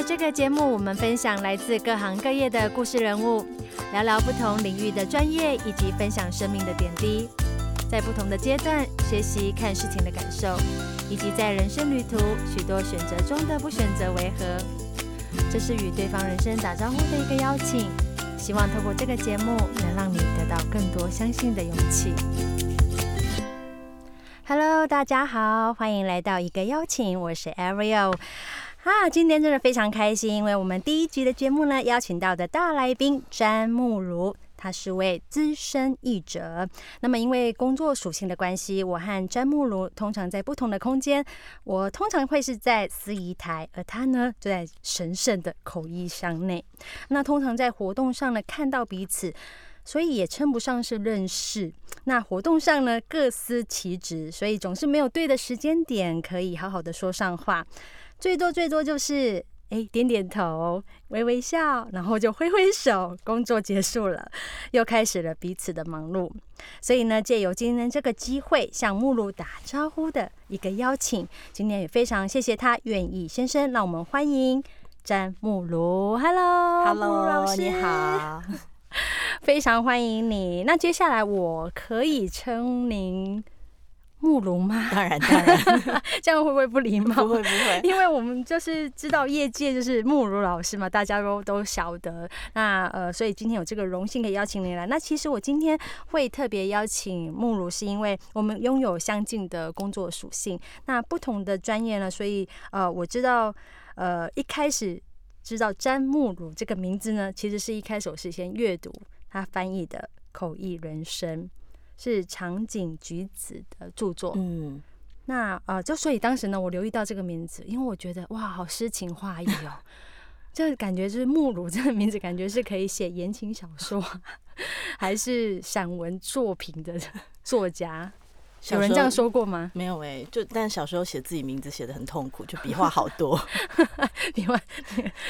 在這個節目，我們分享來自各行各業的故事人物，聊聊不同領域的專業，以及分享生命的點滴，在不同的階段學習看事情的感受，以及在人生旅途許多選擇中的不選擇為何？這是與對方人生打招呼的一個邀請。希望透過這個節目，能讓你得到更多相信的勇氣。Hello，大家好，歡迎來到一個邀請，我是 Ariel。啊，今天真的非常開心，因為我們第一集的節目呢，邀請到的大來賓詹慕如，她是位資深譯者。那麼因為工作屬性的關係，我和詹慕如通常在不同的空間。我通常會是在司儀台，而她呢就在神聖的口譯箱內。那通常在活動上呢看到彼此，所以也稱不上是認識。那活動上呢各司其職，所以總是沒有對的時間點可以好好的說上話。最多最多就是哎、欸，點點頭，微微笑，然後就揮揮手，工作結束了，又開始了彼此的忙碌。所以呢，借由今天這個機會向慕如打招呼的一個邀請，今天也非常謝謝他願意現身讓我們歡迎詹 Hello, Hello, 慕如。Hello，Hello，老師你好， 非常歡迎你。那接下來我可以稱您。慕如嗎？當然，當然， 這樣會不會不禮貌？會，不會，因為我們就是知道業界就是慕如老師嘛，大家都都曉得。那呃，所以今天有這個榮幸可以邀請您來。那其實我今天會特別邀請慕如，是因為我們擁有相近的工作屬性。那不同的專業呢，所以呃，我知道呃，一開始知道詹慕如這個名字呢，其實是一開始我是先閱讀他翻譯的《口譯人生》。是長井菊子的著作，嗯，那啊、呃，就所以當時呢，我留意到這個名字，因為我覺得哇，好詩情畫意哦， 就感覺是慕如這個名字，感覺是可以寫言情小說 還是散文作品的作家。小有人這樣說過嗎？沒有哎、欸，就但小時候寫自己名字寫的很痛苦，就筆畫好多，筆畫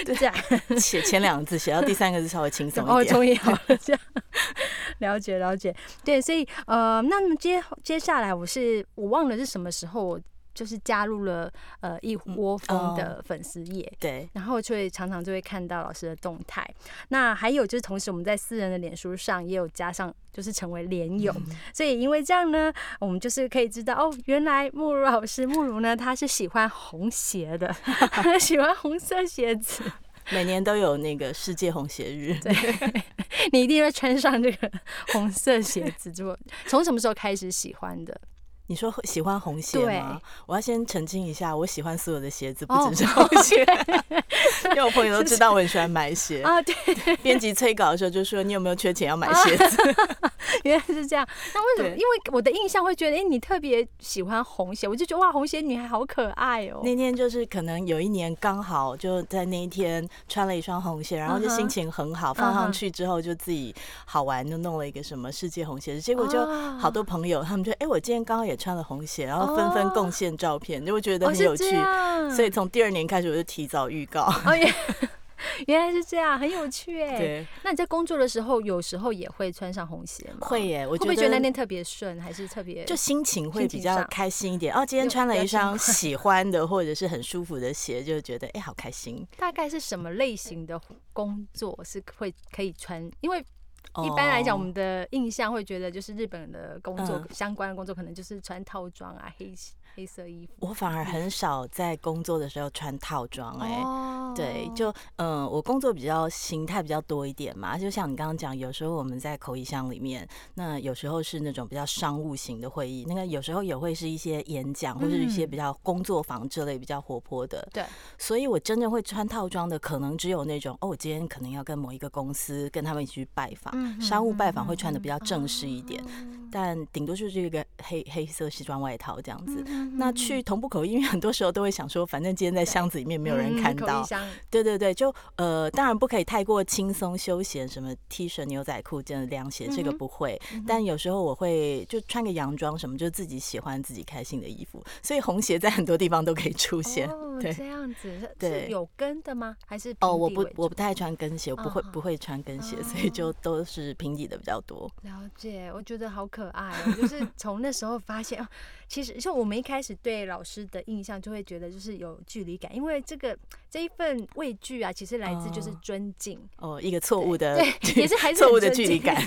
就這樣寫前兩個字，寫到第三個字稍微輕鬆一點， 哦，終於好了，這樣 了解了解，對，所以呃，那麼接接下來我是我忘了是什麼時候。就是加入了呃譯窩豐的粉絲頁、嗯哦，對，然後就會常常就會看到老師的動態。那還有就是，同時我們在私人的臉書上也有加上，就是成為臉友、嗯。所以因為這樣呢，我們就是可以知道哦，原來慕如老師慕如呢，他是喜歡紅鞋的，他 喜歡紅色鞋子。每年都有那個世界紅鞋日，對， 你一定會穿上這個紅色鞋子。就從什麼時候開始喜歡的？你說喜歡紅鞋嗎？我要先澄清一下，我喜歡所有的鞋子，不只是紅鞋，oh, okay. 因為我朋友都知道我很喜歡買鞋 啊。對，編輯催稿的時候就說：“你有沒有缺錢要買鞋子？” 原來是這樣，那為什麼？因為我的印象會覺得，哎、欸，你特別喜歡紅鞋，我就覺得哇，紅鞋女孩好可愛哦。那天就是可能有一年剛好就在那一天穿了一雙紅鞋，然後就心情很好，嗯、放上去之後就自己好玩，就弄了一個什麼世界紅鞋，嗯、結果就好多朋友他們就哎、欸，我今天剛剛也穿了紅鞋，然後紛紛貢獻照片，哦、就會覺得很有趣。哦、所以從第二年開始，我就提早預告。Oh yeah. 原來是這樣，很有趣哎。對。那你在工作的時候，有時候也會穿上紅鞋嗎？會耶，我就會，會覺得那天特別順，還是特別就心情會比較開心一點。哦，今天穿了一雙喜歡的或者是很舒服的鞋， 就覺得哎，好開心。大概是什麼類型的工作是會可以穿？因為一般來講，我們的印象會覺得，就是日本人的工作、嗯、相關的工作，可能就是穿套裝啊，黑鞋。黑色衣服，我反而很少在工作的時候穿套裝哎、欸，對，就嗯，我工作比較形態比較多一點嘛，就像你剛剛講，有時候我們在口譯箱裡面，那有時候是那種比較商務型的會議，那個有時候也會是一些演講，或者是一些比較工作坊之類比較活潑的，對、嗯，所以我真正會穿套裝的，可能只有那種哦，我今天可能要跟某一個公司跟他們一起去拜訪，商務拜訪會穿的比較正式一點，嗯嗯嗯嗯、但頂多就是一個黑黑色西裝外套這樣子。 那去同步口音，因為很多時候都會想說，反正今天在箱子裡面沒有人看到，對對對，就呃，當然不可以太過輕鬆休閒，什麼 T 恤、牛仔褲、這樣的涼鞋，這個不會。但有時候我會就穿個洋裝，什麼就自己喜歡、自己開心的衣服。所以紅鞋在很多地方都可以出現。哦，對，對，呃這，哦、這樣子。對，有跟的嗎？還是哦我，我不我不太穿跟鞋，我不會、哦、不會穿跟鞋，所以就都是平底的比較多、哦。了解，我覺得好可愛、哦，就是從那時候發現。 其實就我們一開始對老師的印象就會覺得就是有距離感，因為這個這一份畏懼啊，其實來自就是尊敬哦，哦，一個錯誤的對，對也是還是錯誤的距離感，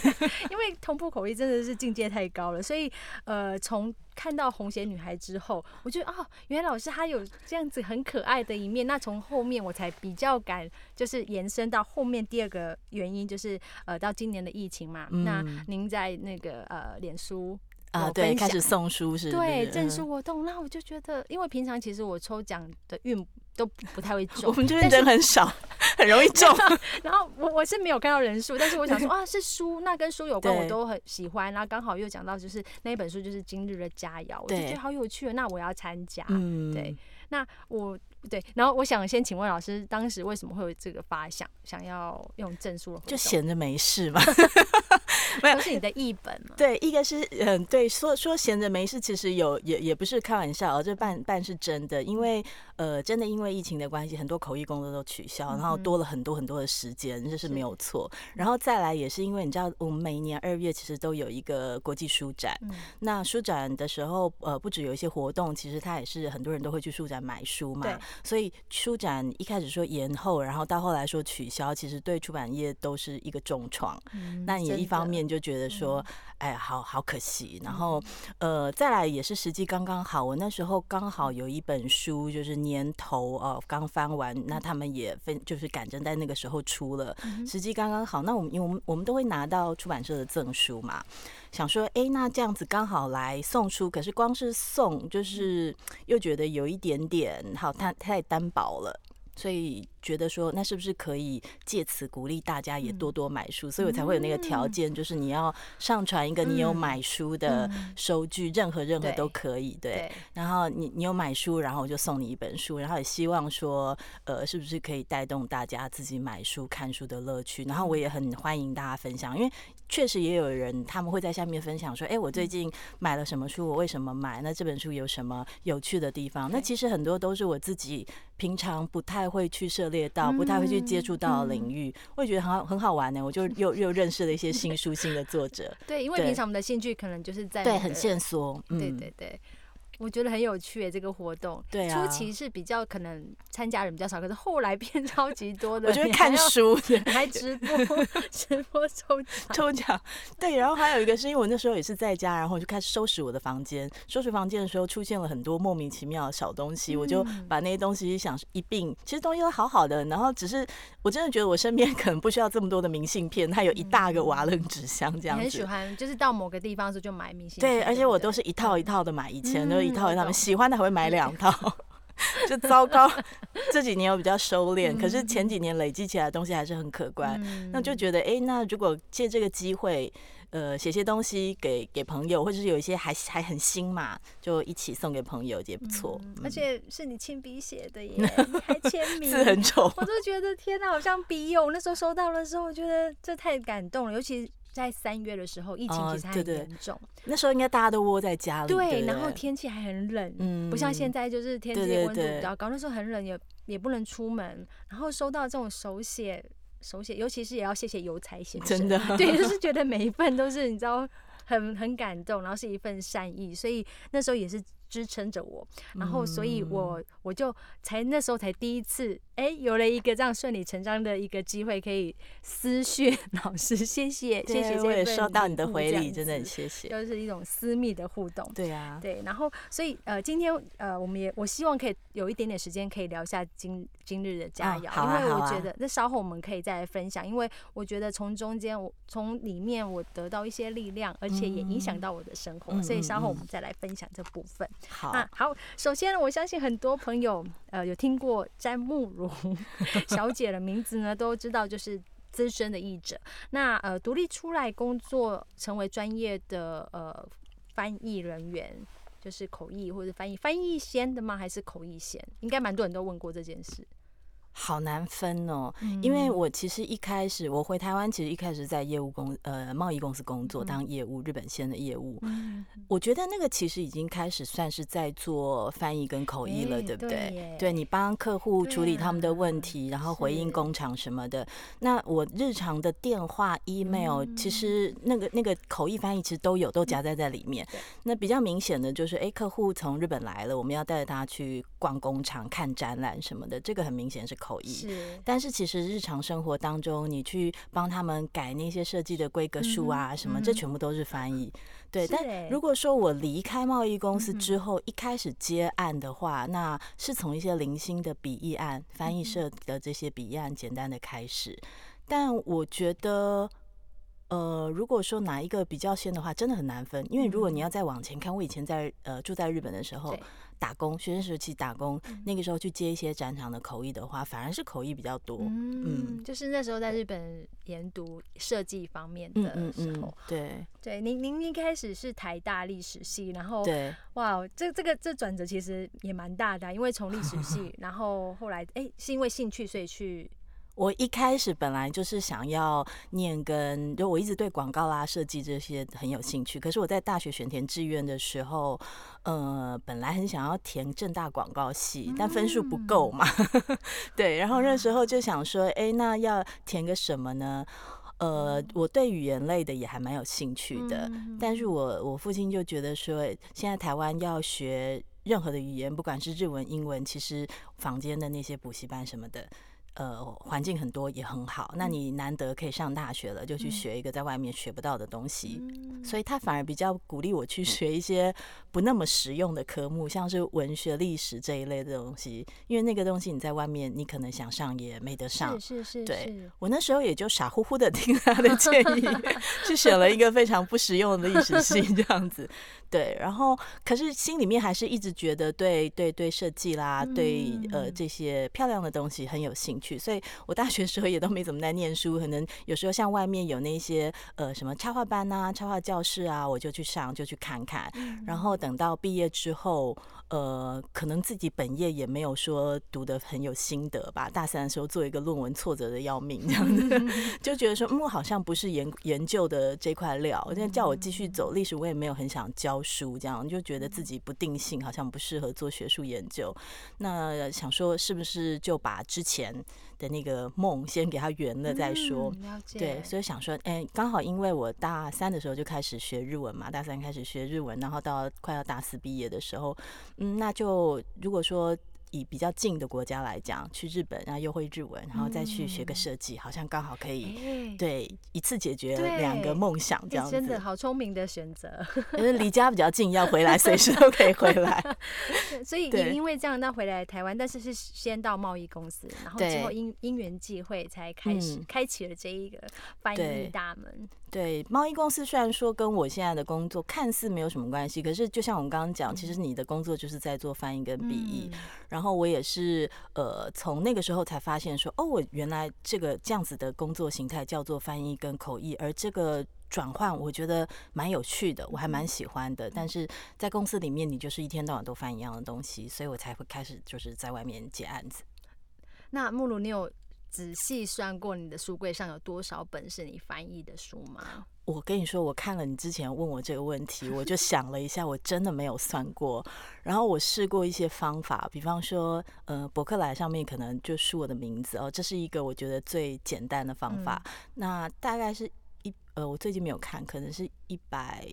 因為同步口譯真的是境界太高了，所以呃從看到紅鞋女孩之後，我覺得哦原來老師她有這樣子很可愛的一面，那從後面我才比較敢就是延伸到後面第二個原因就是呃到今年的疫情嘛，嗯、那您在那個呃臉書。啊，對，開始送書是，是？對，贈書活動，那我就覺得，因為平常其實我抽獎的運都不太會中， 我們這邊人很少， 很容易中然。然後我 我是沒有看到人數，但是我想說 啊，是書，那跟書有關，我都很喜歡。然後剛好又講到就是那一本書就是《今日的佳肴》，我就覺得好有趣了，哦，那我要參加，嗯。對，那我對，然後我想先請問老師，當時為什麼會有這個發想？想要用證書就閒着沒事嘛， 不 是你的譯本嘛？對，一個是嗯，對，說說閒着沒事，其實有也也不是開玩笑，哦這半半是真的，因為呃，真的因為疫情的關係，很多口譯工作都取消，然後多了很多很多的時間，嗯，這是沒有錯。然後再來也是因為你知道，我們每年二月其實都有一個國際書展，嗯，那書展的時候，呃，不止有一些活動，其實它也是很多人都會去書展買書嘛，對，所以書展一開始說延後，然後到後來說取消。小其實對出版業都是一個重創，嗯，那也一方面就覺得說，哎，好好可惜，嗯。然後，呃，再來也是時機剛剛好，我那時候剛好有一本書，就是年頭哦，剛、呃、翻完，那他們也分就是趕着在那個時候出了，時機剛剛好。那我們因為我們我們都會拿到出版社的贈書嘛，想說，哎、欸，那這樣子剛好來送書，可是光是送就是又覺得有一點點好，太太單薄了，所以。覺得說，那是不是可以借此鼓勵大家也多多買書？所以我才會有那個條件，就是你要上傳一個你有買書的收據，任何任何都可以。對。然後你你有買書，然後我就送你一本書。然後也希望說，呃，是不是可以帶動大家自己買書、看書的樂趣？然後我也很歡迎大家分享，因為確實也有人他們會在下面分享說，哎，我最近買了什麼書？我為什麼買？那這本書有什麼有趣的地方？那其實很多都是我自己平常不太會去設。列到不太會去接觸到領域，嗯嗯，我也覺得很好很好玩呢，欸。我就又又認識了一些新書、新的作者。 對，因為平常我們的興趣可能就是在對很限縮，嗯，對對對。我覺得很有趣、欸、這個活動對、啊，初期是比較可能參加人比較少，可是後來變超級多的。 我覺得看書，還、還直播， 直播抽獎，抽獎。對，然後還有一個是因為我那時候也是在家，然後我就開始收拾我的房間。收拾房間的時候出現了很多莫名其妙的小東西，嗯、我就把那些東西想一併，其實東西都好好的，然後只是我真的覺得我身邊可能不需要這麼多的明信片，它有一大個瓦楞紙箱這樣子。嗯、很喜歡，就是到某個地方的時候就買明信片。對，對，對，而且我都是一套一套的買，以前都、就是。套，他們喜歡的還會買兩套， 就糟糕。 這幾年我比較收斂、嗯，可是前幾年累積起來的東西還是很可觀。嗯、那就覺得，哎、欸，那如果借這個機會，呃，寫些東西給給朋友，或者是有一些還還很新嘛，就一起送給朋友也不錯、嗯。而且是你親筆寫的耶， 還簽簽名，字 很醜，我都覺得天哪、啊，好像筆友那時候收到了的時候，我覺得這太感動了，尤其在三月的時候，疫情其實還很嚴重、哦對對對。那時候應該大家都窩在家裡。對，對。然後天氣還很冷，嗯，不像現在就是天氣溫度比較高。對對對對。那時候很冷，也也不能出門。然後收到這種手寫手寫，尤其是也要謝謝郵差先生，真的，對，就是覺得每一份都是你知道很很感動，然後是一份善意，所以那時候也是。支撐着我，然後所以我，我我就才那時候才第一次，哎、嗯欸，有了一個這樣順理成章的一個機會，可以私訊老師，謝謝，謝謝，謝，謝。我也收到你的回禮，真的很謝謝。就是一種私密的互動。對啊。對，然後所以呃，今天呃，我們也我希望可以有一點點時間，可以聊一下今今日的佳餚、啊啊，因為我覺得、啊啊，那稍後我們可以再來分享，因為我覺得從中間，我從裡面我得到一些力量，而且也影響到我的生活、嗯，所以稍後我們再來分享這部分。好，啊、好，首先我相信很多朋友，呃，有聽過詹慕如小姐的名字呢， 都知道就是資深的譯者。那呃，獨立出來工作，成為專業的呃翻譯人員，就是口譯或者翻譯翻譯先的嗎？還是口譯先？應該蠻多人都問過這件事。好難分哦、嗯，因為我其實一開始我回台灣，其實一開始在業務公呃貿易公司工作，當業務日本線的業務、嗯，我覺得那個其實已經開始算是在做翻譯跟口譯了、欸，對不對？對，對，你幫客戶處理他們的問題，啊、然後回應工廠什麼的。那我日常的電話、email、嗯、其實那個那個口譯翻譯其實都有都夾在在裡面。嗯、那比較明顯的就是，哎、欸，客戶從日本來了，我們要帶着他去逛工廠、看展覽什麼的，這個很明顯是。口譯。但是其實日常生活當中，你去幫他們改那些設計的規格書啊什、嗯，什麼，這全部都是翻譯、嗯。對，但如果說我離開貿易公司之後，一開始接案的話，嗯、那是從一些零星的筆譯案、嗯、翻譯社的這些筆譯案簡單的開始，嗯、但我覺得。呃，如果說哪一個比較先的話，真的很難分，因為如果你要再往前看，我以前在呃住在日本的時候打工，學生時期打工、嗯，那個時候去接一些展場的口譯的話，反而是口譯比較多，嗯。嗯，就是那時候在日本研讀設計方面的時候，對。對，您您一開始是台大歷史系，然後對，哇，這這個這轉折其實也蠻大的，啊，因為從歷史系， 然後後來哎、欸、是因為興趣所以去。我一開始本來就是想要念跟就我一直對廣告啦設計這些很有興趣，可是我在大學選填志願的時候，呃，本來很想要填政大廣告系，但分數不夠嘛。嗯、 對，然後那時候就想說，哎、嗯欸，那要填個什麼呢？呃，我對語言類的也還蠻有興趣的，但是我我父親就覺得說，現在台灣要學任何的語言，不管是日文、英文，其實坊間的那些補習班什麼的。呃，環境很多也很好。嗯，那你難得可以上大學了，就去學一個在外面學不到的東西，嗯、所以他反而比較鼓勵我去學一些不那麼實用的科目，嗯、像是文學、歷史這一類的東西，因為那個東西你在外面你可能想上也沒得上。是是是，是、是，對，我那時候也就傻乎乎的聽他的建議， 去選了一個非常不實用的歷史系這樣子。對，然後可是心裡面還是一直覺得對對對設計啦，嗯、對呃這些漂亮的東西很有興趣。所以我大學時候也都沒怎麼在念書，可能有時候像外面有那些呃什麼插畫班啊、插畫教室啊，我就去上，就去看看，然後等到畢業之後。呃，可能自己本業也沒有說讀得很有心得吧。大三的時候做一個論文，挫折得要命，這樣子、嗯、 就覺得說，嗯，我好像不是研研究的這塊料。我現在叫我繼續走歷史，我也沒有很想教書，這樣就覺得自己不定性，好像不適合做學術研究。那想說，是不是就把之前的那個夢先給他圓了再說、嗯，了解，對，所以想說，哎、欸，剛好因為我大三的時候就開始學日文嘛，大三開始學日文，然後到快要大四畢業的時候，嗯，那就如果說。以比較近的國家來講，去日本然後又會日文，然後再去學個設計、嗯，好像剛好可以、欸、對一次解決兩個夢想這樣子，欸、真的好聰明的選擇。因為離家比較近，要回來隨時都可以回來 所以因為這樣，那回來台灣，但是是先到貿易公司，然後之後因因緣際會才開始、嗯、開啟了這一個翻譯大門。對，貿易公司雖然說跟我現在的工作看似沒有什麼關係，可是就像我們剛剛講，其實你的工作就是在做翻譯跟筆譯、嗯。然後我也是，呃，從那個時候才發現說，哦，我原來這個這樣子的工作形態叫做翻譯跟口譯，而這個轉換我覺得蠻有趣的，我還蠻喜歡的、嗯。但是在公司裡面，你就是一天到晚都翻一樣的東西，所以我才會開始就是在外面接案子。那慕如你有仔細算過你的書櫃上有多少本是你翻譯的書嗎？我跟你說，我看了你之前問我這個問題，我就想了一下，我真的沒有算過。 然後我試過一些方法，比方說，呃，博客來上面可能就搜我的名字哦，這是一個我覺得最簡單的方法。嗯。那大概是一，呃，我最近沒有看，可能是一百。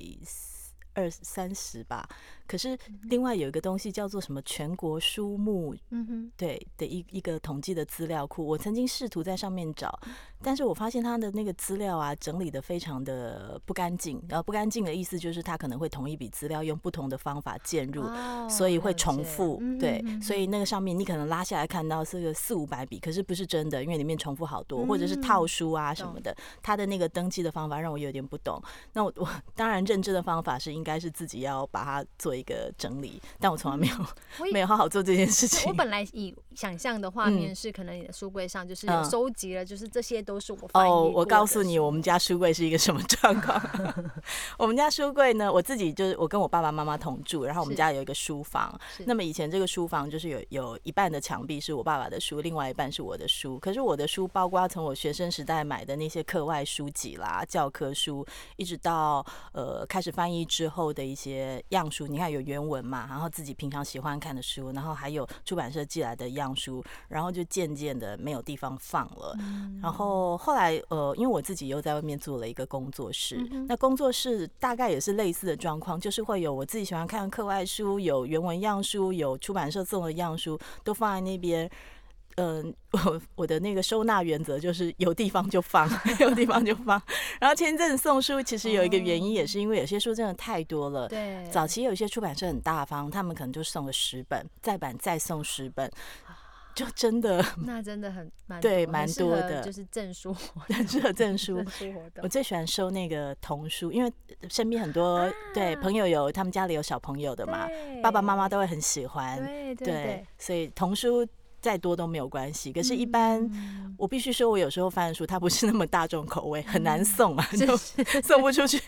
二三十吧，可是另外有一個東西叫做什麼全國書目，嗯對的，一一個統計的資料庫、嗯，我曾經試圖在上面找，但是我發現他的那個資料啊，整理的非常的不乾淨，然、嗯、後、啊、不乾淨的意思就是他可能會同一筆資料用不同的方法介入，哦，所以會重複、嗯，對，所以那個上面你可能拉下來看到是個四五百筆，可是不是真的，因為裡面重複好多，或者是套書啊什麼的，他、嗯、的那個登記的方法讓我有點不懂。那我我當然認知的方法是應該，應該是自己要把它做一個整理，但我從來沒有、嗯、沒有好好做這件事情。我本來以想象的畫面是，可能你的書櫃上就是有收集了，就是這些都是我翻譯過的書、嗯、哦。我告訴你，我們家書櫃是一個什麼狀況？ 我們家書櫃呢，我自己就是我跟我爸爸媽媽同住，然後我們家有一個書房。那麼以前這個書房就是有有一半的牆壁是我爸爸的書，另外一半是我的書。可是我的書包括要從我學生時代買的那些課外書籍啦、教科書，一直到呃開始翻譯之後。後的一些樣書，你看有原文嘛，然後自己平常喜歡看的書，然後還有出版社寄來的樣書，然後就漸漸的沒有地方放了。然後後來呃，因為我自己又在外面做了一個工作室，那工作室大概也是類似的狀況，就是會有我自己喜歡看課外書，有原文樣書，有出版社送的樣書，都放在那邊。嗯、呃，我我的那個收納原則就是有地方就放， 有地方就放。 然後簽證送書，其實有一個原因也是因為有些書真的太多了。對，早期有一些出版社很大方，他們可能就送了十本，再版再送十本，就真的那真的很對，蠻多的，就是證書、證書、證書。我最喜歡收那個童書，因為身邊很多、啊、對朋友有他們家裡有小朋友的嘛，爸爸媽媽都會很喜歡。對對，對，所以童書。再多都沒有關係，可是，一般我必須說，我有時候翻的書、嗯、它不是那麼大眾口味，嗯，很難送啊，就送不出去。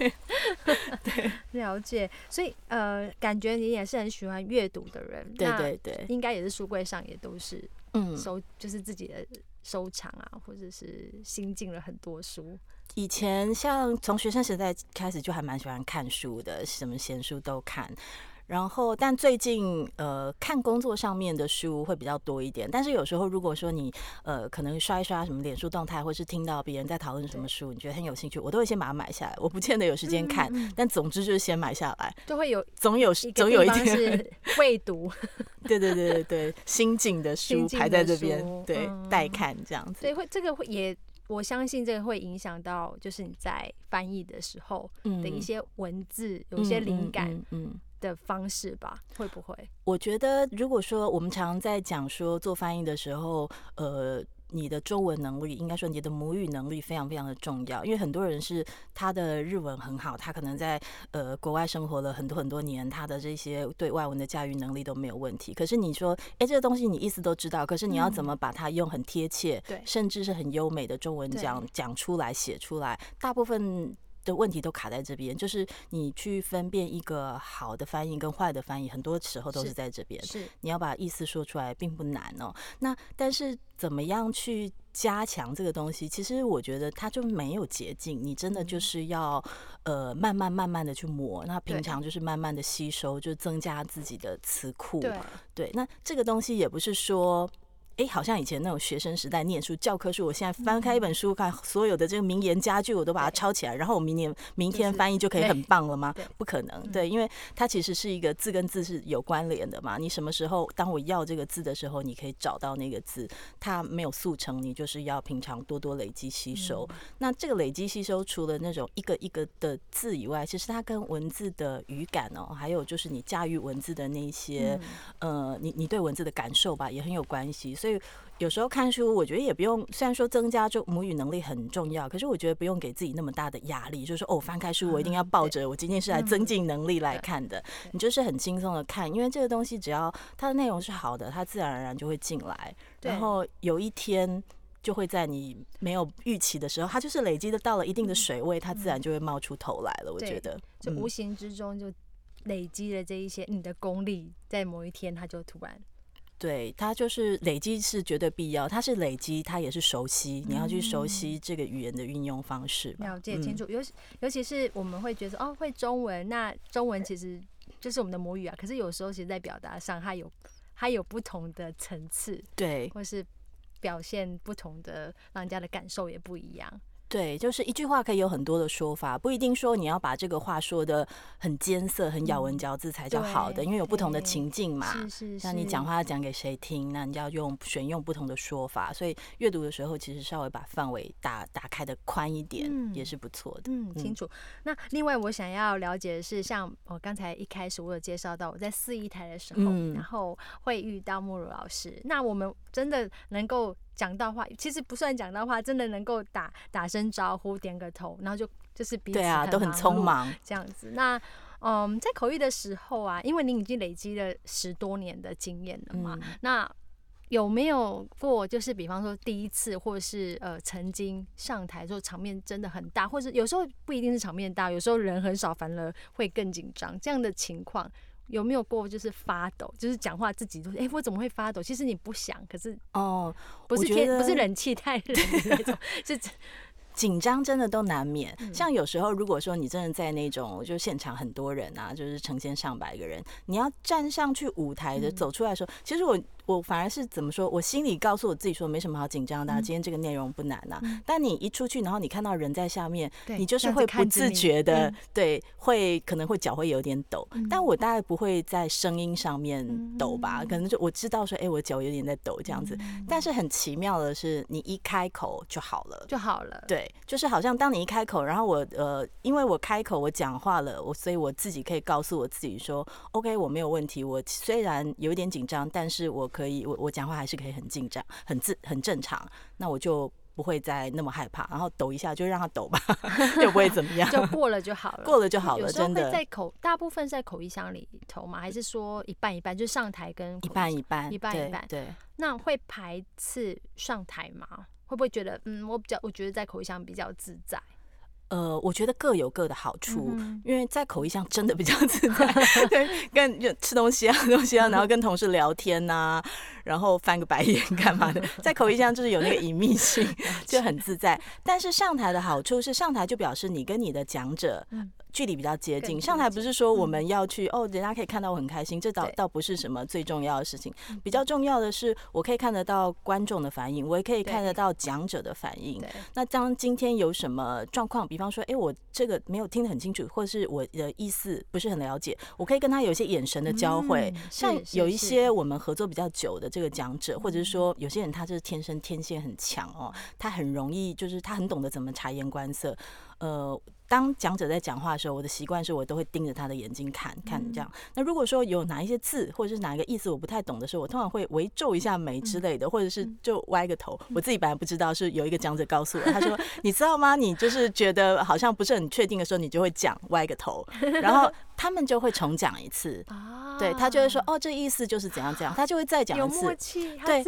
對，了解，所以呃，感覺你也是很喜歡閱讀的人，對對對，那應該也是書櫃上也都是嗯收，就是自己的收藏啊，或者是新進了很多書。以前像從學生時代開始就還蠻喜歡看書的，什麼閒書都看。然後，但最近呃，看工作上面的書會比較多一點。但是有時候，如果說你呃，可能刷一刷什麼臉書動態，或是聽到別人在討論什麼書，你覺得很有興趣，我都會先把它買下來。我不見得有時間看，嗯、但總之就是先買下來，就會有總有總有一天是未讀。 對對對對對，新進的書、的書排在這邊，嗯、對，待看這樣子。所以會這個會也，我相信這個會影響到，就是你在翻譯的時候的一些文字，嗯、有一些靈感，嗯。嗯嗯嗯嗯的方式吧，會不會？我覺得，如果說我們常在講說做翻譯的時候，呃，你的中文能力，應該說你的母語能力非常非常的重要。因為很多人是他的日文很好，他可能在呃國外生活了很多很多年，他的這些對外文的駕馭能力都沒有問題。可是你說，哎、欸，這個東西你意思都知道，可是你要怎麼把它用很貼切、嗯，甚至是很優美的中文講講出來、寫出來？大部分。的問題都卡在這邊，就是你去分辨一個好的翻譯跟壞的翻譯，很多時候都是在這邊。是，你要把意思說出來並不難哦。那但是怎麼樣去加強這個東西？其實我覺得它就沒有捷徑，你真的就是要、嗯、呃慢慢慢慢的去磨。那平常就是慢慢的吸收，就增加自己的詞庫。對，那這個東西也不是說。哎、欸，好像以前那種學生時代念書教科書，我現在翻開一本書看所有的這個名言佳句，我都把它抄起來，然後我明年明天翻譯就可以很棒了嗎？不可能，對，因為它其實是一個字跟字是有關聯的嘛。你什麼時候當我要這個字的時候，你可以找到那個字，它沒有速成，你就是要平常多多累積吸收。那這個累積吸收，除了那種一個一個的字以外，其實它跟文字的語感哦、喔，還有就是你駕馭文字的那些呃，你你對文字的感受吧，也很有關係。所以。所以有時候看書，我覺得也不用。雖然說增加就母語能力很重要，可是我覺得不用給自己那麼大的壓力。就是說，哦，翻開書，我一定要抱着我今天是來增進能力來看的。你就是很輕鬆的看，因為這個東西只要它的內容是好的，它自然而然就會進來。然後有一天就會在你沒有預期的時候，它就是累積的到了一定的水位，它自然就會冒出頭來了。我覺得、嗯，就無形之中就累積了這一些，你的功力在某一天，它就突然。對，它就是累積是絕對必要，它是累積，它也是熟悉。你要去熟悉這個語言的運用方式，了解清楚。嗯，尤其，嗯，尤其是我們會覺得哦，會中文，那中文其實就是我們的母語啊。可是有時候，其實在表達上，它有它有不同的層次，對，或是表現不同的，讓人家的感受也不一樣。對，就是一句話可以有很多的說法，不一定說你要把這個話說的很艱澀、很咬文嚼字才叫好的，嗯、因為有不同的情境嘛。是是是。那你講話要講給誰聽？那你要用選用不同的說法。所以閱讀的時候，其實稍微把範圍打打開的寬一點，也是不錯的嗯嗯。嗯，清楚。那另外我想要了解的是，像我剛才一開始我有介紹到，我在四一台的時候，嗯、然後會遇到莫如老師。那我們真的能夠。講到話，其實不算講到話，真的能夠打打聲招呼、點個頭，然後就就是彼此很忙、對啊、都很匆忙這樣子。那嗯，在口譯的時候啊，因為您已經累積了十多年的經驗了嘛、嗯，那有沒有過就是比方說第一次，或者是呃曾經上台的時候場面真的很大，或者有時候不一定是場面大，有時候人很少反而會更緊張這樣的情況？有沒有過就是發抖，就是講話自己都哎、欸，我怎麼會發抖？其實你不想，可是，是哦，不是天，不是冷氣太冷的那種，是緊張真的都難免、嗯。像有時候如果說你真的在那種，我就現場很多人啊，就是成千上百個人，你要站上去舞台的，走出來的時候、嗯，其實我。我反而是怎麼說？我心裡告訴我自己說，沒什麼好緊張的啊，今天這個內容不難吶啊。但你一出去，然後你看到人在下面，你就是會不自覺的，對，會可能會腳會有點抖。但我大概不會在聲音上面抖吧？可能就我知道說，哎，我腳有點在抖這樣子。但是很奇妙的是，你一開口就好了，就好了。對，就是好像當你一開口，然後我呃，因為我開口我講話了，我所以我自己可以告訴我自己說，OK，我沒有問題。我雖然有點緊張，但是我。可以，我我講話還是可以很緊張，很自、很正常。那我就不會再那麼害怕，然後抖一下就讓它抖吧，就 不會怎麼樣， 就過了就好了，過了就好了。有時候會在口，大部分在口譯箱裡頭嘛，還是說一半一半，就是上台跟口譯箱一半一半，一半一半，對。對，那會排斥上台嗎？會不會覺得嗯，我比較，我覺得在口譯箱比較自在。呃，我覺得各有各的好處，嗯、因為在口譯上真的比較自在， 對，跟就吃東西啊、東西啊，然後跟同事聊天啊， 然後翻個白眼幹嘛的，在口譯上就是有那個隱秘性， 就很自在。但是上台的好處是上台就表示你跟你的講者。嗯距離比較接近，上台不是說我們要去、嗯、哦，人家可以看到我很開心，這倒倒不是什麼最重要的事情。比較重要的是，我可以看得到觀眾的反應，我也可以看得到講者的反應。那當今天有什麼狀況，比方說，哎、欸，我這個沒有聽得很清楚，或者是我的意思不是很了解，我可以跟他有一些眼神的交匯、嗯。像有一些我們合作比較久的這個講者，是是是或者是說有些人，他就是天生天線很強哦，他很容易就是他很懂得怎麼察言觀色，呃。當講者在講話的時候，我的習慣是我都會盯着他的眼睛看，看這樣。那如果說有哪一些字或者是哪一個意思我不太懂的時候，我通常會微皺一下眉之類的，或者是就歪個頭。嗯，我自己本來不知道，是有一個講者告訴我，他說：“ 你知道嗎？你就是覺得好像不是很確定的時候，你就會講歪個頭，然後他們就會重講一次。 對”對他就會說：“哦，這意思就是怎樣怎樣。”他就會再講一次。有默契。對，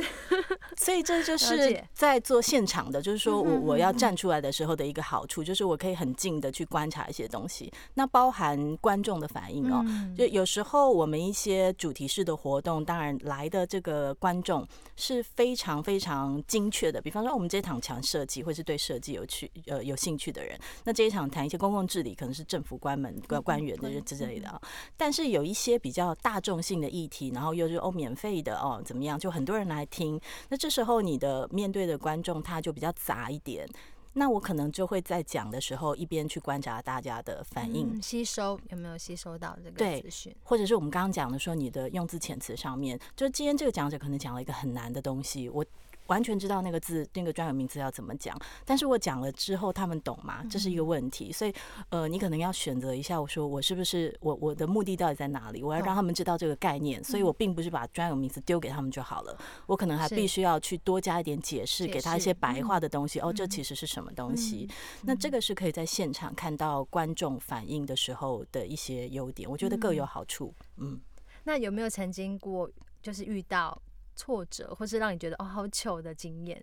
所以這就是在做現場的， 就是說我我要站出來的時候的一個好處，就是我可以很近的。去觀察一些東西，那包含觀眾的反應哦、嗯。就有時候我們一些主題式的活動，當然來的這個觀眾是非常非常精確的。比方說，我們這一場講設計，或是對設計有趣呃有興趣的人。那這一場談一些公共治理，可能是政府官員、官員的人之類的啊、哦嗯。但是有一些比較大眾性的議題，然後又、就是哦免費的哦怎麼樣，就很多人來聽。那這時候你的面對的觀眾，他就比較雜一點。那我可能就會在講的時候一邊去觀察大家的反應、嗯，吸收有沒有吸收到這個資訊，對，或者是我們剛剛講的說你的用字遣詞上面，就今天這個講者可能講了一個很難的東西，我。完全知道那個字，那個專有名詞要怎麼講，但是我講了之後他們懂嗎？這是一個問題，嗯、所以呃，你可能要選擇一下，我說我是不是我我的目的到底在哪裡？我要讓他們知道這個概念，哦嗯、所以我並不是把專有名詞丟給他們就好了，嗯、我可能還必須要去多加一點解釋，給他一些白話的東西。嗯、哦，這其實是什麼東西、嗯嗯？那這個是可以在現場看到觀眾反應的時候的一些優點、嗯，我覺得各有好處嗯。嗯，那有沒有曾經過就是遇到？挫折，或是讓你覺得哦好糗的經驗，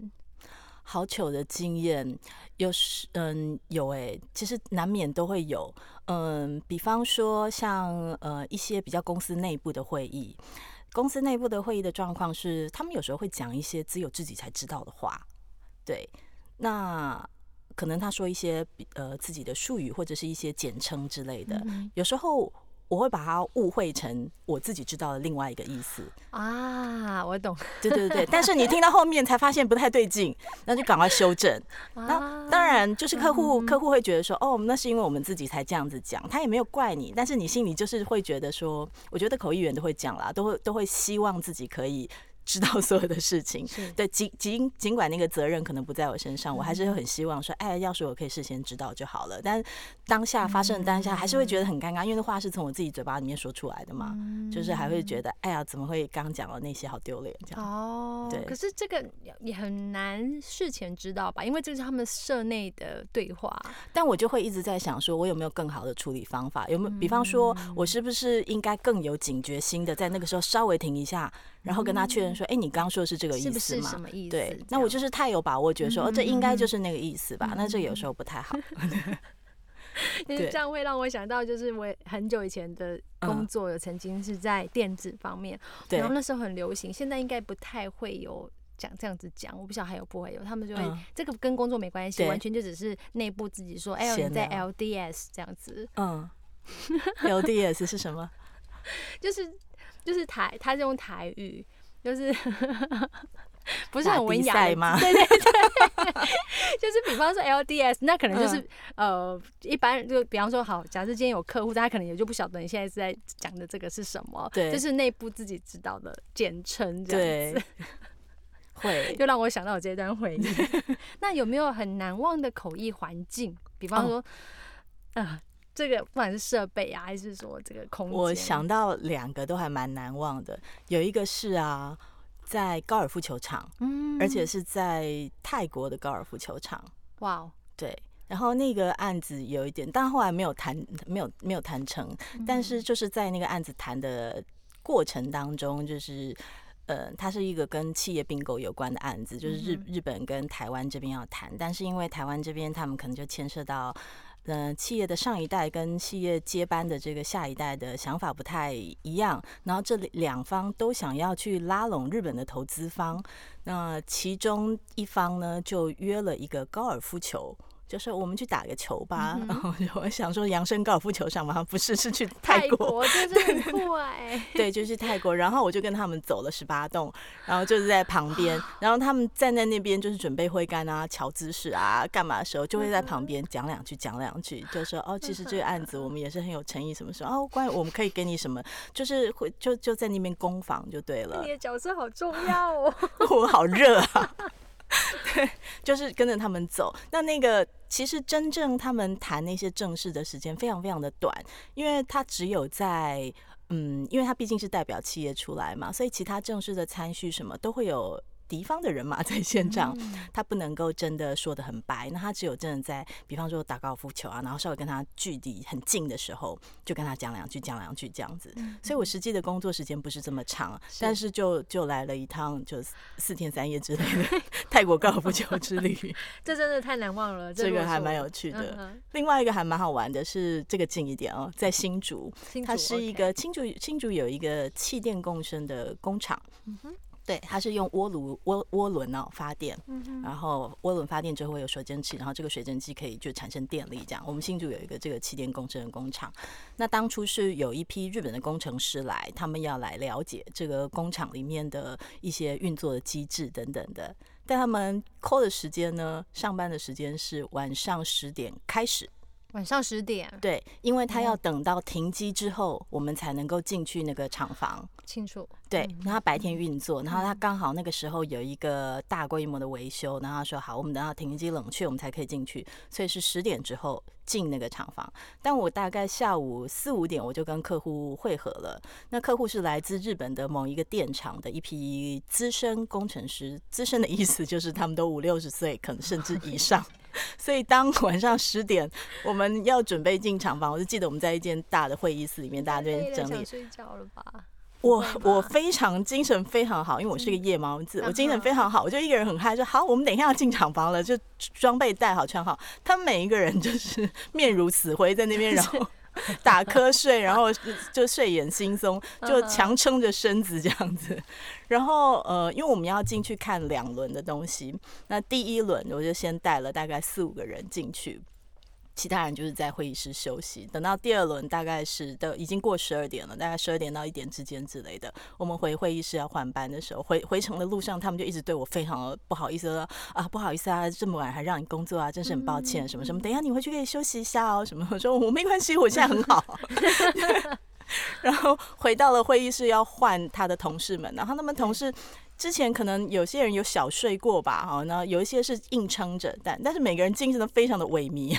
好糗的經驗，有時嗯有欸，其實難免都會有，嗯，比方說像呃一些比較公司內部的會議，公司內部的會議的狀況是，他們有時候會講一些只有自己才知道的話，對，那可能他說一些比呃自己的術語或者是一些簡稱之類的，有時候。我會把它誤會成我自己知道的另外一個意思啊，我懂，對對對，但是你聽到後面才發現不太對勁，那就趕快修正。那當然就是客戶，客戶會覺得說，哦，那是因為我們自己才這樣子講，他也沒有怪你，但是你心裡就是會覺得說，我覺得口譯員都會講啦，都會都會希望自己可以。知道所有的事情，對，儘儘儘管那個責任可能不在我身上，嗯、我還是很希望說，哎，要是我可以事先知道就好了。但當下發生的當下，還是會覺得很尷尬、嗯，因為話是從我自己嘴巴裡面說出來的嘛，嗯、就是還會覺得，哎呀，怎麼會剛講了那些好丟臉這樣？哦，對。可是這個也很難事前知道吧，因為這是他們社內的對話。但我就會一直在想說，我有沒有更好的處理方法？有沒有，嗯、比方說，我是不是應該更有警覺心的，在那個時候稍微停一下？然後跟他確認說：“哎、嗯，欸、你剛剛說的是這個意思嗎？是是什麼意思？對，那我就是太有把握，覺得說哦、嗯啊嗯，這應該就是那個意思吧、嗯。那這有時候不太好，因、嗯、為 這樣會讓我想到，就是我很久以前的工作有曾經是在電子方面，嗯、然後那時候很流行，現在應該不太會有講這樣子講。我不曉得還有不會有，他們就會、嗯、這個跟工作沒關係，完全就只是內部自己說，哎、呃，你在 LDS 這樣子，嗯 ，LDS 是什麼？就是。”就是台，他是用台語，就是 不是很文雅嗎？對對對， 就是比方說 LDS，那可能就是、嗯、呃，一般就比方說好，假設今天有客戶，大家可能也就不曉得你現在是在講的這個是什麼，就是內部自己知道的簡稱這樣子。會，就 讓我想到我這段回憶。 那有沒有很難忘的口譯環境？比方說，啊、哦。呃這個不管是設備啊，還是說這個空間，我想到兩個都還蠻難忘的。有一個是啊，在高爾夫球場，嗯，而且是在泰國的高爾夫球場。哇哦，對。然後那個案子有一點，但後來沒有談，沒有沒有談成、嗯。但是就是在那個案子談的過程當中，就是呃，它是一個跟企業併購有關的案子，就是日、嗯、日本跟台灣這邊要談，但是因為台灣這邊他們可能就牽涉到。企業的上一代跟企業接班的這個下一代的想法不太一樣，然後這兩方都想要去拉攏日本的投資方，那其中一方呢，就約了一個高爾夫球。就是我們去打個球吧，嗯、然後我想說揚升高爾夫球場嘛不是，是去泰國，就是很國哎、欸，對，就是泰國。然後我就跟他們走了十八洞，然後就是在旁邊、啊，然後他們站在那邊就是準備揮桿啊、瞧姿勢啊、幹嘛的時候，就會在旁邊講兩句、講、嗯、兩句，句，就說哦，其實這個案子我們也是很有誠意， 什麼時候哦，關於我們可以給你什麼，就是會就就在那邊攻防就對了、哎。你的角色好重要哦， 我好熱熱啊。 對，就是跟着他們走，那那個。其實真正他們談那些正式的時間非常非常的短，因為他只有在嗯，因為他畢竟是代表企業出來嘛，所以其他正式的餐敘什麼都會有。敵方的人馬在現場，嗯、他不能夠真的說得很白，那他只有真的在，比方說打高爾夫球啊，然後稍微跟他距離很近的時候，就跟他講兩句，講兩句這樣子。嗯、所以我實際的工作時間不是這麼長，是但是就就來了一趟，就四天三夜之類的泰國高爾夫球之旅， 這真的太難忘了。這個還蠻有趣的，嗯，另外一個還蠻好玩的是，這個近一點哦，在新竹，嗯、新竹它是一個新竹新竹有一個汽電共生的工廠。嗯哼。對，它是用渦輪渦渦輪呢發電，然後渦輪發電之後會有水蒸氣，然後這個水蒸氣可以就產生電力。這樣，我們新竹有一個這個汽電共生的工廠。那當初是有一批日本的工程師來，他們要來了解這個工廠裡面的一些運作的機制等等的，但他們 call 的時間呢，上班的時間是晚上十點開始。晚上十點，對，因為他要等到停機之後，我們才能夠進去那個廠房，清楚。對，然後他白天運作，然後他剛好那個時候有一個大規模的維修，然後他說好，我們等到停機冷卻，我們才可以進去，所以是十點之後。進那個廠房，但我大概下午四五點我就跟客戶會合了。那客戶是來自日本的某一個電廠的一批資深工程師，資深的意思就是他們都五六十歲，可能甚至以上。 所以當晚上十點我們要準備進廠房，我就記得我們在一間大的會議室裡面， 大家都在整理，睡覺了吧？我我非常精神，非常好，因為我是個夜貓子，嗯，我精神非常好，我就一個人很嗨，就好，我們等一下要進廠房了，就裝備帶好穿好。他每一個人就是面如死灰在那邊，然後打瞌睡， 然後就，就睡眼惺忪，就強撐着身子這樣子。然後呃，因為我們要進去看兩輪的東西，那第一輪我就先帶了大概四五個人進去。其他人就是在會議室休息，等到第二輪大概是都已經過十二點了，大概十二點到一點之間之類的。我們回會議室要換班的時候，回回程的路上，他們就一直對我非常不好意思說：“啊，不好意思啊，這麼晚還讓你工作啊，真是很抱歉什麼什麼。什麼什麼”等一下，你回去可以休息一下哦。什麼？我說我沒關係，我現在很好。 然後回到了會議室要換他的同事們，然後他們同事。之前可能有些人有小睡過吧，哈，那有一些是硬撐着，但但是，每個人精神都非常的萎靡，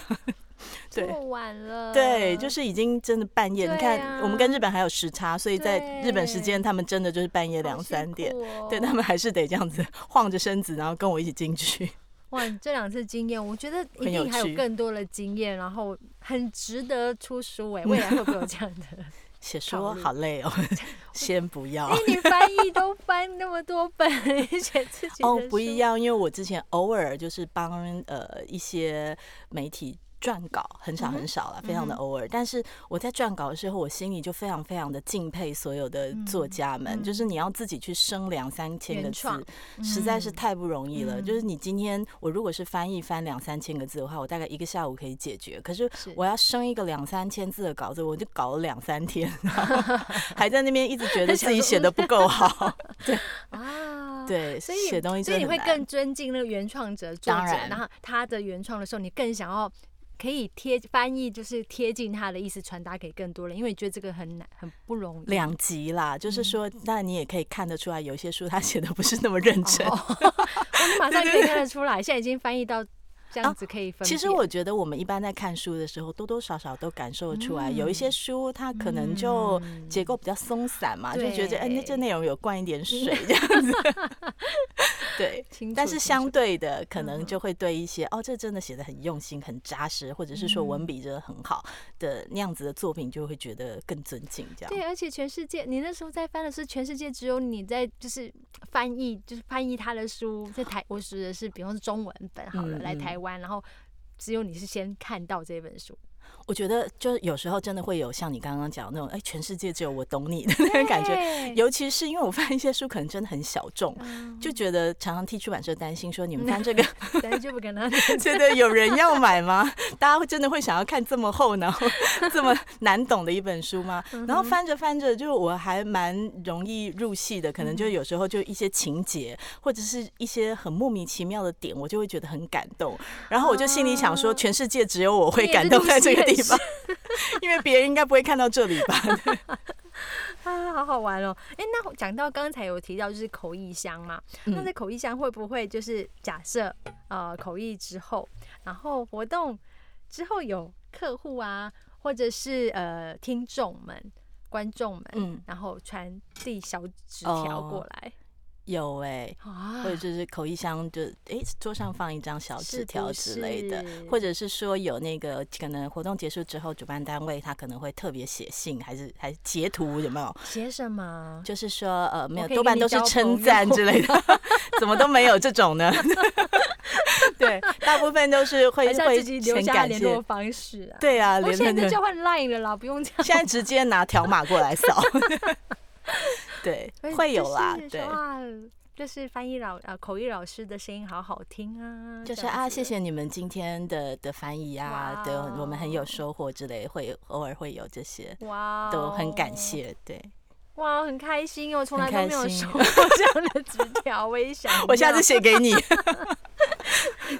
對，這麼晚了 對，對，就是已經真的半夜。啊、你看，我們跟日本還有時差，所以在日本時間，他們真的就是半夜兩三點對、喔，對，他們還是得這樣子晃着身子，然後跟我一起進去。哇，這兩次經驗，我覺得一定還有更多的經驗，然後很值得出書哎，未來會不會有這樣的？ 寫書好累哦， 先不要 我。欸，你翻譯都翻那麼多本，寫自己哦，不一樣，因為我之前偶爾就是幫呃一些媒體。撰稿，很少很少了，非常的偶爾。但是我在撰稿的時候，我心裡就非常非常的敬佩所有的作家們。就是你要自己去生兩三千個字，實在是太不容易了。就是你今天我如果是翻譯翻兩三千個字的話，我大概一個下午可以解決。可是我要生一個兩三千字的稿子，我就搞了兩三天，還在那邊一直覺得自己寫的不夠好。對啊，對，所以，寫東西就所以，所以，你會更尊敬那個原創者當然，然後他的原創的時候，你更想要。可以貼翻譯，就是貼近他的意思傳達給更多人，因為你覺得這個很難，很不容易。兩極啦、嗯，就是說，那你也可以看得出來，有些書他寫的不是那麼認真，我們、 哦哦、馬上可以看得出來， 對對對對現在已經翻譯到。這樣子可以分、啊。其實我覺得我們一般在看書的時候，多多少少都感受得出來、嗯，有一些書它可能就結構比較鬆散嘛、嗯，就覺得哎、欸，那這內容有灌一點水這樣子。這樣子、嗯、對。但是相對的，可能就會對一些、嗯、哦，這真的寫的很用心、很扎實，或者是說文筆真的很好的那樣子的作品，就會覺得更尊敬這樣。對，而且全世界，你那時候在翻的是全世界只有你在就是翻譯，就是翻譯他的書在台，哦、我指的是比方是中文本好了，嗯、來台灣。彎，然後只有你是先看到這本書。我覺得就是有時候真的會有像你剛剛講的那種，哎、欸，全世界只有我懂你的那種感覺。Yeah. 尤其是因為我翻一些書可能真的很小眾，um, 就覺得常常替出版社擔心，說你們翻這個，絕對不可能。覺得有人要買嗎？ 大家會真的會想要看這麼厚呢，這麼難懂的一本書嗎？然後翻着翻着，就我還蠻容易入戲的。可能就有時候就一些情節，或者是一些很莫名其妙的點，我就會覺得很感動。然後我就心裡想說，全世界只有我會感動在、uh, 這個地方，因為別人應該不會看到這裡吧 啊，好好玩哦！哎、欸，那講到剛才有提到就是口譯箱嘛，嗯、那在口譯箱會不會就是假設啊、呃，口譯之後，然後活動之後有客戶啊，或者是呃聽眾們、觀眾們、嗯，然後傳遞小紙條過來。哦有哎、欸啊，或者就是口譯箱就，就、欸、哎桌上放一張小紙條之類的是是，或者是說有那個可能活動結束之後，主辦單位他可能會特別寫信，還是還是截圖、啊、有沒有？寫什麼？就是說呃沒有，多半都是稱讚之類的， 怎麼都沒有這種呢？ 對， 大部分都是會會留下聯絡方式啊。對啊，連我現在就換 LINE 了啦，不用這樣。現在直接拿條碼過來掃。 對，會有啦、啊就是啊。對，就是翻譯老啊口譯老師的聲音好好聽啊。就是啊，謝謝你們今天的的翻譯啊，wow，對，我們很有收穫之類，會偶爾會有這些。哇、wow，都很感謝。對，哇，很開心，我從來都沒有收過這樣的紙條，我也想，我下次寫給你。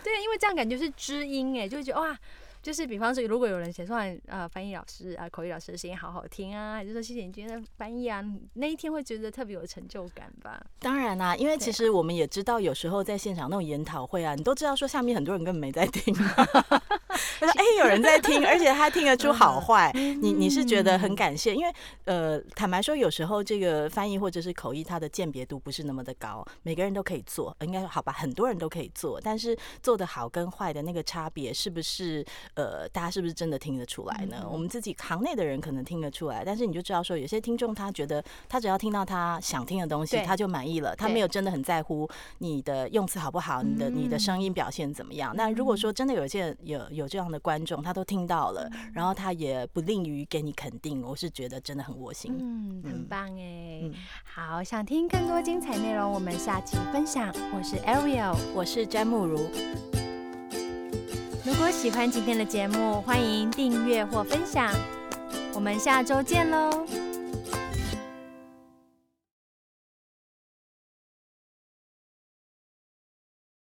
對，因為這樣感覺是知音哎，就覺得哇。就是比方說，如果有人寫說啊、呃，翻譯老師啊、呃，口譯老師的聲音好好聽啊，還是說謝謝你今天的翻譯啊，那一天會覺得特別有成就感吧？當然啦、啊，因為其實我們也知道，有時候在現場那種研討會啊，啊，你都知道說下面很多人根本沒在聽。 他說：“哎，有人在聽，而且他聽得出好壞。”你你是覺得很感謝，因為呃，坦白說，有時候這個翻譯或者是口譯，它的鑑別度不是那麼的高。每個人都可以做，應該好吧，很多人都可以做，但是做得好跟壞的那個差別，是不是呃，大家是不是真的聽得出來呢？我們自己行內的人可能聽得出來，但是你就知道說，有些聽眾他覺得他只要聽到他想聽的東西，他就滿意了，他沒有真的很在乎你的用詞好不好，你的你的聲音表現怎麼樣。那如果說真的有一些有有……這樣的觀眾，他都聽到了，然後他也不吝於給你肯定，我是覺得真的很窩心嗯。嗯，很棒哎、嗯，好，想聽更多精彩內容，我們下期分享。我是 Ariel，我是詹慕如。如果喜歡今天的節目，歡迎訂閱或分享。我們下週見嘍。